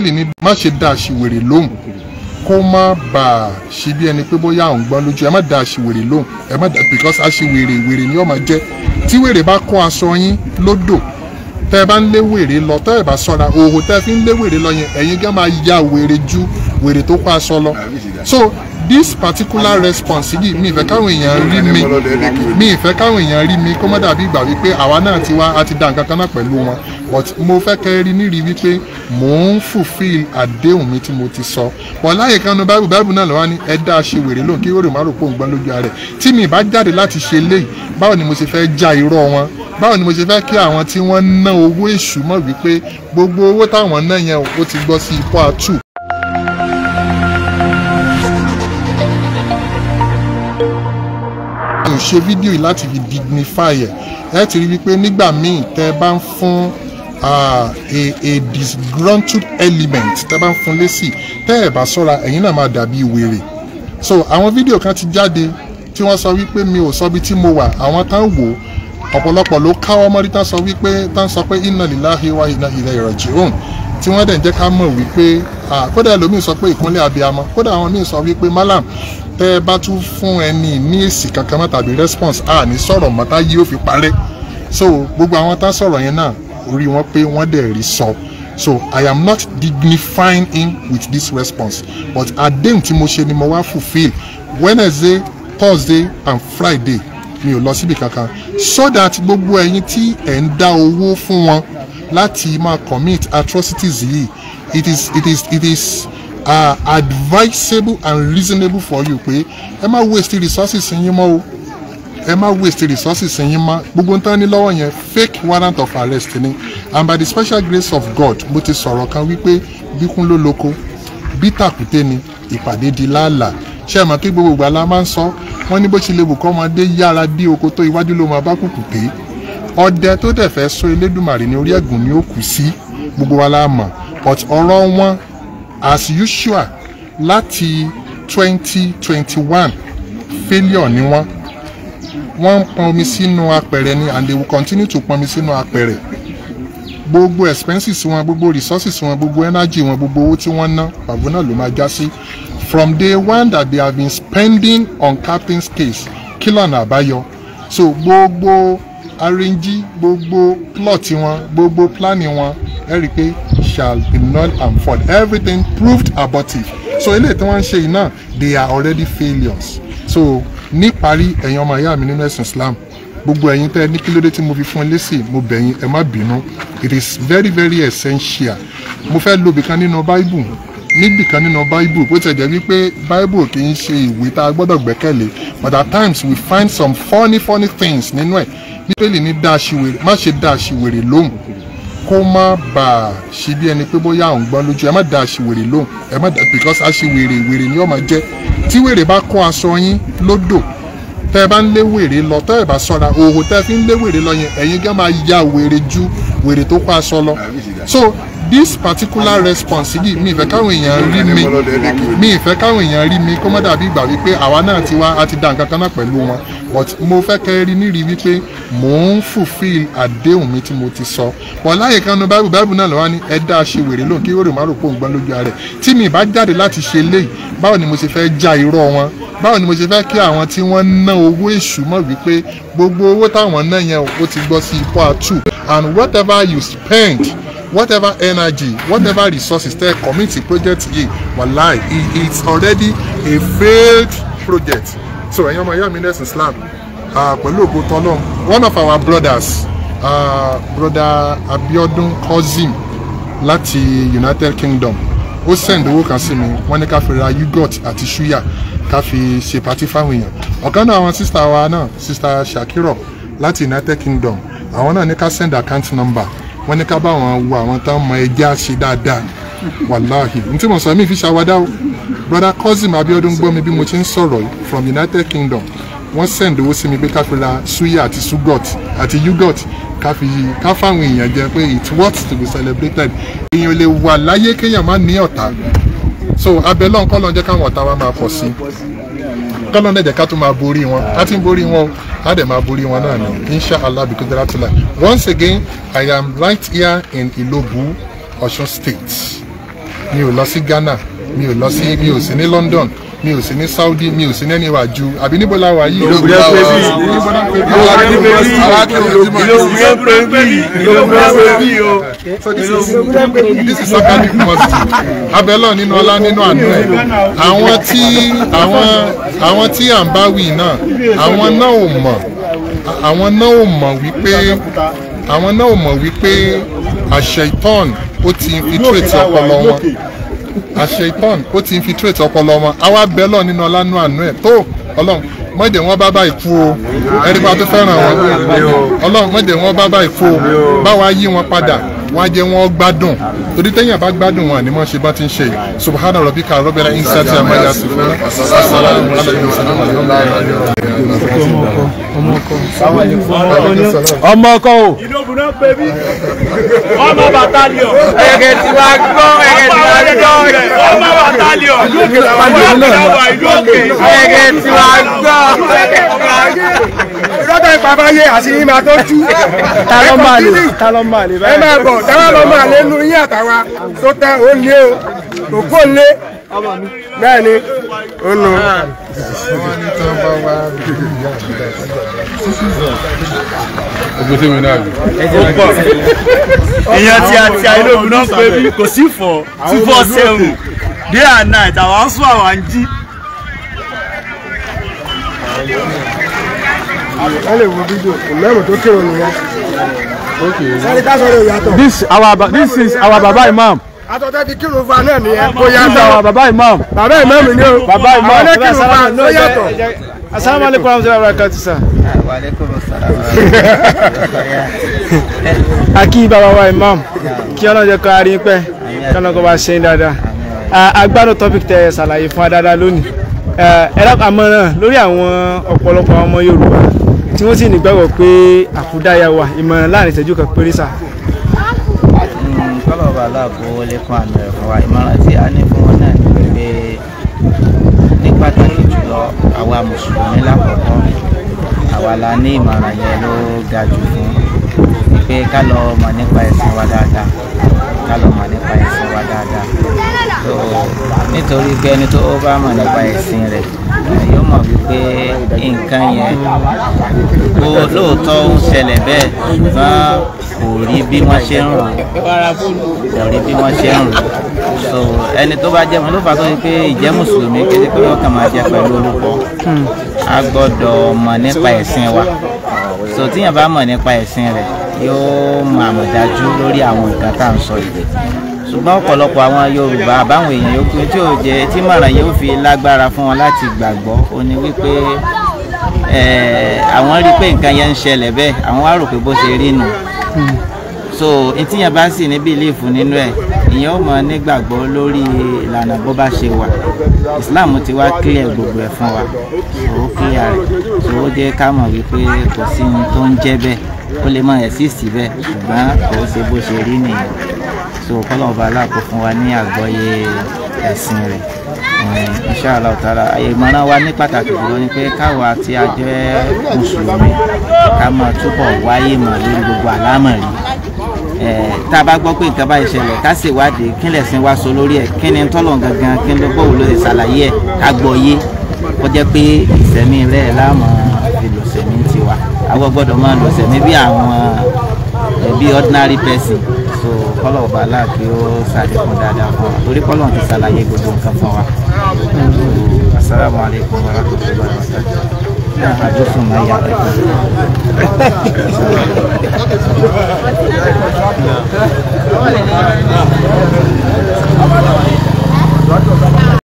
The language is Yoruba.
bíbélì ní má ṣe dá aṣiwèrè lóhùn kó má bàa ṣe bí ẹni pé bóyá òun gbọ́n lójú ẹ má dá aṣiwèrè lóhùn ẹ má dá because aṣiwèrè wèrè ni ó máa jẹ́ tí wèrè bá kó aṣọ yín lódò tẹ́ ẹ bá ń lé wèrè lọ tẹ́ ẹ bá ṣọ́ra òhò tẹ́ ẹ fi ń lé wèrè lọ yẹn ẹ̀yin gan máa ya wèrè ju wèrè tó kó aṣọ lọ so this particular response yìí mi ìfẹ́ káwọn èèyàn rí mi mi ìfẹ́ káwọn èèyàn rí mi kó má dàbí ìgbà wípé àwa náà ti wá a ti dá nǹkan kan náà pẹ̀lú wọn but mo fẹ́ kẹ́ rí nírí wípé mò ń fulfil àdéhùn mi tí mo ti sọ ọ̀láyè kan nu báìbù báìbù náà lọ́wọ́ ni ẹ dá a ṣe wèrè lóhùn kí yóò má rò pé òun gbọ́n lójú ara rẹ̀ tí mi bá jáde láti ṣe léyìí báwo ni mo ṣe fẹ́ já irọ́ wọn báwo ni mo ṣe fẹ́ kí àwọn tí wọ́n ná owó èṣù mọ̀ wípé gbogbo owó táwọn ná yẹn ó ti gbọ́ sí ipò àtù ṣe fídíò yìí láti fi dignify ẹ̀ ẹ ti rí wípé nígbà míì tẹ́ ẹ bá ń fún Ah, a a disgruntled element tẹ́ bá ń fún lésì tẹ́ ẹ̀ bá sọ́ra ẹ̀yin náà máa dàbí wèrè so àwọn fídíò kan ti jáde tí wọ́n sọ wípé mi ò sọ bí tí mo wà àwọn tán wò ó ọ̀pọ̀lọpọ̀ ló káwọ́ mọ́rí tán sọ wípé tán sọ pé inna lillahi wa inna ilaihi raji'un tí wọ́n dẹ̀ ń jẹ́ ká mọ̀ wípé kódà ẹlòmíì sọ pé ìkúnlẹ̀ abiyamọ kódà àwọn míì sọ wípé malam tẹ́ ẹ bá tún fún ẹni ní èsì kankan mọ́ tàbí response a ní sọ̀rọ̀ mọ́tá yìí ó fi parẹ́ so gbogbo àwọn tán sọ̀rọ̀ yẹn náà orí wọn pé wọ́n dẹ̀ rí sọ so i am not dignifying him with this response but àdéhùn tí mo ṣe ni mo wá fulfil wednesday thursday and friday mi ò lọ síbi kankan so that gbogbo ẹ̀yin tí ẹ̀ ń dá owó fún wọn láti máa commit atrocities yìí it is it is it is uh, advisable and reasonable for you pé ẹ má waste resources yín mọ́ o ẹ má waste resources yín mọ́ gbogbo tán ní lọ́wọ́ yẹn fake warrant of arrest ni and by the special grace of God mo ti sọ̀rọ̀ kan wípé bíkún ló loko bí tàkúté ni ìpàdé di láàlà ṣé ẹ mọ̀ kí gbogbo ìgbà la máa ń sọ wọ́n ní bó ṣe lè wù kọ́ ọmọdé yára dé oko tó iwájú ló máa bá kùkù pé ọdẹ tó dẹ̀ fẹ́ sọ Elédùmarè ní orí ẹ̀gùn ni ó kù sí gbogbo wa la mọ̀ but ọ̀rọ̀ wọn as usual láti twenty twenty one failure ni wọ́n wọ́n ń pọn omi sínú apẹ̀rẹ̀ ni and they will continue to pọn omi sínú apẹ̀rẹ̀ gbogbo expenses wọn gbogbo resources wọn gbogbo energy wọn gbogbo owó tí wọ́n ná pàbó náà ló máa já sí from day one that they have been spending on captain's case kí lọ́nà àbáyọ so gbogbo arrange gbogbo plot wọn gbogbo planning wọn ẹ rí i pé shall be null and void everything proved abortive so eléyìí tí wọ́n ń ṣe yìí náà they are already failures so níparí ẹ̀yin ọmọ ìyá mi nínú ẹ̀sìn Islam gbogbo ẹ̀yin tẹ́ ní kí ló tí mo fi fún ẹ lésì mo bẹ̀ yín ẹ má bínú it is very very essential mo fẹ́ lo ibìkan nínú Bible níbìkan nínú Bible bó ti jẹ́ wípé Bible kì í ṣe ìwé tá a gbọ́dọ̀ gbẹ́kẹ̀lé but at times we find some funny funny things nínú ẹ̀ nítorí ní dáa ṣìwèrè má ṣe dáa ṣìwèrè lóhùn kó má bàa ṣe bí ẹni pé bóyá òun gbọ́n lójú ẹ má da aṣiwèrè lóhùn ẹ má da because aṣiwèrè wèrè ni ó máa jẹ́ tí wèrè bá kó aṣọ yín lódò tẹ́ ẹ bá ń lé wèrè lọ tẹ́ ẹ bá ṣọ́ra òhò tẹ́ ẹ fi ń lé wèrè lọ yẹn ẹ̀yin gan máa ya wèrè ju wèrè tó kó aṣọ lọ so this particular response yìí mi ìfẹ́ káwọn èèyàn rí mi mi ìfẹ́ káwọn èèyàn rí mi kó má dàbí ìgbà wípé àwa náà ti wá a ti da nǹkan kan náà pẹ̀lú wọn but mo fẹ́ kẹ́ rí nírí wípé mò ń fulfil àdéhùn mi tí mo ti sọ wọn láyè kan nu báìbù báìbù náà lọ́wọ́ ni ẹ dá a ṣe wèrè lóhùn kí ó rè má rò pé òun gbọ́n lójú rẹ̀ tí mi bá jáde láti ṣe léyìí báwo ni mo ṣe fẹ́ já irọ́ wọn báwo ni mo ṣe fẹ́ kí àwọn tí wọ́n ná owó èṣù mọ̀ wípé gbogbo owó táwọn ná yẹn ó ti gbọ́ sí ipò àtù and whatever you spend whatever energy whatever resources tẹ commit to project yìí wàláì it's already a failed project so ẹ̀yin ọmọ ìyá mi lẹ́sìn Islam Ah, pẹ̀lú ògo tọ́lọ́run one of our brothers uh, brother Abiodun Kozim láti United Kingdom ó send owó kan sí mi wọ́n ní ká fi ra yogurt àti suya ká fi ṣe pati fáwọn èèyàn ọ̀kan náà àwọn sista wa náà sista Shakiro láti United Kingdom àwọn náà ní ká send account number wọ́n ní ká bá wọn wo àwọn tán mọ ẹja ṣe dáadáa wàláhì n tí mo sọ mi fi ṣàwádà o brother Kozim Abiodun gbọ́ mi bí mo ti ń sọ̀rọ̀ from United Kingdom wọ́n send owó sí mi pé ká fi ra suya àti sugot àti yugot ká fi ká fáwọn èèyàn jẹ pé it's worth to be celebrated èèyàn lè wà láyé kéèyàn má ní ọ̀tá so abẹ lọ́n kọ́ lọ́n jẹ́ káwọn ọ̀tá wa máa pọ̀ sí kọ́ lọ́n dẹ̀ jẹ́ ká tún máa borí wọn á ti ń borí wọn á dẹ̀ máé borí wọn náà ni inshallah because there are two life once again I am right here in Ilobu Osun State mi ò lọ sí Ghana mi ò lọ sí mi ò sí ní London mi ò sí ní Saudi mi ò sí ní ẹnìwà ju àbí níbo la wà yìí. ìlú bẹ́ẹ̀ pé bí ìlú bẹ́ẹ̀ pé bí ìlú bẹ́ẹ̀ pé bí o. so this is this is organic positive abẹ́lọ̀ nínú ọlá nínú àánú ẹ̀ àwọn tí àwọn àwọn tí à ń bá wì náà àwọn náà ò mọ̀ àwọn náà ò mọ̀ wípé àwọn náà ò mọ̀ wípé àṣẹ ìtọ́n ó ti infiltrate ọpọlọ wọn àṣetán ó ti infiltrate ọpọlọ wọn àwa bẹ lọ nínú ọlánú àánú ẹ tó Ọlọ́run mọ̀dé wọn bá báyìí kú o ẹ̀rí pa tó fẹ́ràn wọn Ọlọ́run mọ̀dé wọn bá báyìí kú o báwa yí wọn padà wọn á jẹ́ wọn gbádùn torí tẹ́yìn àbá gbádùn wọn ànímọ̀ ṣe bá ti ń ṣe subhana rabbika rabbil izzati amma yasifun assalamu alaykum ọmọ ọkọ o. ìdókun náà pè mí ọmọ bàtàlíọ̀. ẹ̀kẹ́ tí wàá gbọ́ ẹ̀kẹ́ tí wàá gbọ́ ọmọ bàtàlíọ̀. ẹ̀kẹ́ tí wàá gbọ́ ẹ̀kẹ́ tí wàá gbọ́. ìrọ́tà ìpàbáyé àti ìmà tó tú. ta ló máa lè ta ló máa lè báyìí. ẹ máa bọ̀ táwa lọ máa lé nu yín àtàwa tó tẹ ó lé o òkú lé bẹ́ẹ̀ ni ó nu. Ogbe tí mi náà bí. Ó pọ̀. Èèyàn ti àti àìlóògùn náà pé bí kò sí fọ̀ two four seven day and night àwa ń sún àwa jí a lè wo fídíò mẹ́rin tó kéré nìyẹn okay sáré tásán rẹ̀ yàtọ̀. this our this is our baba imam atọ́tẹ́ fi kírun fa náà nìyẹn kó yàtọ̀. baba baba imam. baba imam ni o. baba imam àwọn ẹ̀ kírun fa ló yàtọ̀. asalaamualeykum warahmatulahi wabarakatuh sa. waaleykum salaam. akí baba wa imam kí ọlọ́run jẹ́ kó a rí i pẹ́ kí ọlọ́run kó bá ṣe é dáadáa. agbádùn topic tẹ ṣàlàyé fún wa dáadáa lónìí. ẹ dákun àmọ̀ràn lórí àwọn ọ̀pọ̀lọpọ̀ ọmọ Yorùbá tí wọ́n sì nígbàgbọ́ pé àkúdáyà wa ìmọ̀ràn láàrin ìṣẹ́jú kan péré sà. Hmm, kọ́lọ̀ bàbá kò wọlé fún àmì rẹ̀ fún wa ìmọ̀ràn tí a ní fún wọn náà ni pé ní pàtàkì jùlọ àwa mùsùlùmí lákọ̀ọ́kọ́ àwa la ní ìmọ̀ràn yẹn ló ga jù fún pé ká lọ mọ̀ nípa ẹ̀sìn wa dáadáa ká lọ mọ̀ nípa ẹ̀sìn wa dáadáa nítorí pé ẹni tó bá mọ̀ nípa ẹ̀sìn rẹ̀ yóò mọ̀ wípé nǹkan yẹn ó lóòótọ́ ó ṣẹlẹ̀ bẹ́ẹ̀ bá kò rí bí wọ́n ṣe ń rò kò rí bí wọ́n ṣe ń rò so ẹni tó bá jẹ́ mo ló fà tó yẹ pé ìjẹ́ mùsùlùmí kété pé wọ́n kàn máa jẹ pẹ̀lú olùkọ́ a gbọ́dọ̀ mọ̀ nípa ẹ̀sìn wa so tíyàn bá mọ̀ nípa ẹ̀sìn rẹ̀ yóò máa mọ̀ dájú lórí àwọn nǹkan tá à ń sọ yìí ṣùgbọ́n ọ̀pọ̀lọpọ̀ àwọn Yorùbá àbáwọn èèyàn yòókù tí ò jẹ́ tí mọ̀ràn yóò fi lágbára fún wọn láti gbàgbọ́ ó ní wípé àwọn rí pé nǹkan yẹn ń ṣẹlẹ̀ bẹ́ẹ̀ àwọn wá pé bó ṣe rí nù so etí yẹn bá sì ní bílíìfù nínú ẹ̀ ìyẹn ò mọ̀ nígbàgbọ́ lórí ìlànà bó bá ṣe wà Islam ti wá clear gbogbo ẹ̀ fún wa so ó clear rẹ̀ so ó jẹ́ ká mọ̀ wípé kò sí ohun tó ń jẹ́ bẹ́ẹ̀ ó lè máa exist bẹ́ẹ̀ ṣùgbọ́n kò ṣe bó ṣe rí nìyẹn so kọ́lọ̀ ọba aláàkó fún wa ní àgbọ́yé ẹ̀sìn rẹ̀ inṣàlá ọ̀tara ìmọ̀ràn wa ní pàtàkì jùlọ ni pé káwa tí a jẹ́ mùsùlùmí ká máa túbọ̀ wáyé mọ̀ lórí gbogbo àlámọ̀rí tá a bá gbọ́ pé nǹkan báyìí ṣẹlẹ̀ ká sì wádìí kí lẹ̀sìn wa sọ lórí ẹ̀ kí ni tọ́lọ̀ gangan kí ni gbọ́wọ́ lórí ṣàlàyé ẹ̀ ká gbọ́ yé kọjá pé ìsẹ̀mí rẹ̀ láàmú àwọn gbọ́dọ̀ máa lọ sẹ̀mí bí àwọn bí ordinary person so kọ́lọ̀ ọba aláàbí ó ṣàlékún dáadáa fún wa torí kọ́lọ̀ ti ṣàlàyé gbogbo nǹkan fún wa asalaamu alaykum wa rahmatulahi wa barakatuh àjọsùn máa yà pẹ̀lú. Thank you.